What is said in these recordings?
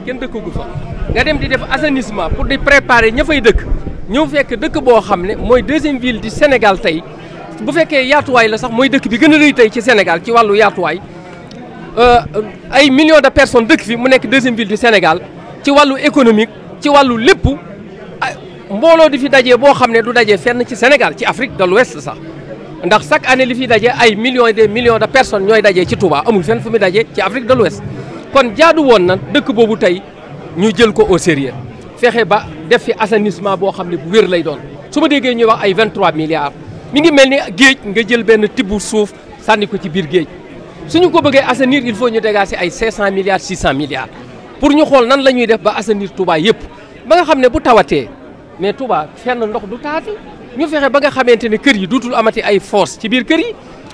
kenn dëkkagu fa nga dem di def assainissement pour di préparer ña fay dëkk ñëw fekk dëkk boo xam ne mooy deuxième ville du Sénégal tey bu fekkee yaatuwaay la sax mooy dëkk di gën a rëy tey ci Sénégal ci wàllu yaatuwaay euh, ay millions de personnes dëkk fi mu nekk deuxième ville du Sénégal ci wàllu économique ci wàllu lépp mbooloo di fi dajee boo xam ne du dajee fenn ci Sénégal ci Afrique de l'Ouest sax ndax chaque année li fi dajee ay millions et des millions de personnes ñooy dajee ci Touba amul fenn fu kon jaadu woon na dëkk boobu tey ñu jël ko au sérieux fexe ba def fi assainissement boo xam ne bu wér lay doon su ma déggee ñuy wax ay 23 milliards mi ngi mel ni géej nga jël benn tibbu suuf sànni ko ci biir géej ñu ko bëggee assainir il faut ñu dégager ay 500 milliards 600 milliards pour ñu xool nan la ñuy def ba assainir Touba yëpp ba nga xam ne bu tawatee mais Touba fenn ndox du taati ñu fexe ba nga xamante ne kër yi dootul amati ay fosse ci biir kër yi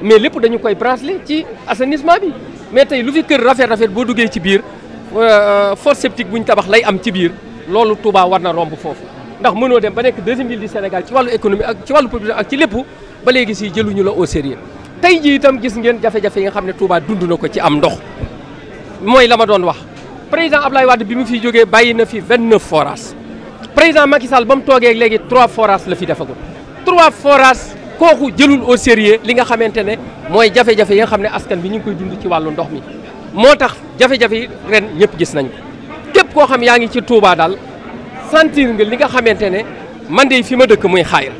mais lépp dañu koy bracelet ci assainissement bi mais tey lu fi kër rafet rafet boo duggee ci biir euh, euh, fosse septique bu ñu tabax lay am ci biir loolu Touba war na romb foofu ndax mënoo dem ba nekk deuxième ville du Sénégal ci wàllu économie ak ci wàllu population ak ci lépp ba léegi si jëluñu la au sérieux tey jii itam gis ngeen jafe-jafe yi nga xam ne Touba dund ko ci am ndox mooy la doon wax président Ablaye Wade bi mu fi jógee bàyyi na fi 29 forages président Macky Sall ba mu toogee léegi 3 forages la fi defagul kooku jëlul au sérieux li nga xamante ne mooy jafe-jafe yi nga xam ne askan bi ñu koy dund ci wàllu ndox mi moo tax jafe-jafe ren ñëpp gis nañ képp koo xam yaa ngi ci Touba daal sentir nga li nga xamante ne man de fi ma dëkk muy xaayra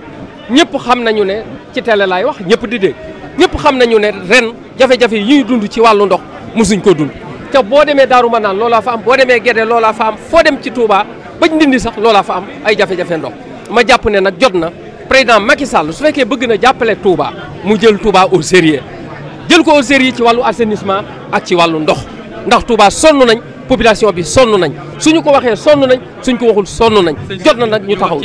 ñëpp xam nañu ne ci télé laay wax ñëpp di dégg ñëpp xam nañu ne ren jafe-jafe yi ñuy dund ci wàllu ndox mosuñ ko dund te boo demee Daaru Manaan loolaa fa am boo demee Gede loolaa fa am foo dem ci Touba bañ dindi sax loolaa fa am ay jafe-jafe ma jàpp ne nag jot na président Macky Sall su fekkee bëgg na jàppale Touba mu jël Touba au sérieux jël ko au sérieux ci wàllu assainissement ak ci wàllu ndox ndax Touba sonn nañ population bi sonn nañ su suñu ko waxee sonn nañ suñ ko waxul sonn nañ jot na nag ñu taxaw